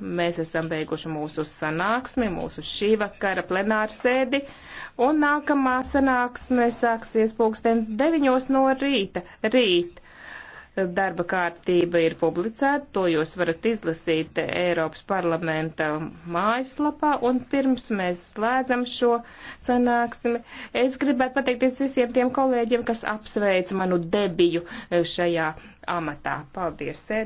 Mēs esam beiguši mūsu sanāksmi, mūsu šī vakara plenāru sēdi, un nākamā sanāksme sāksies pulkstens 9 no rīta. Rīt darba kārtība ir publicēta, to jūs varat izlasīt Eiropas parlamenta mājaslapā, un pirms mēs slēdzam šo sanāksmi, es gribētu pateikties visiem tiem kolēģiem, kas apsveic manu debiju šajā amatā. Paldies! Sēdi.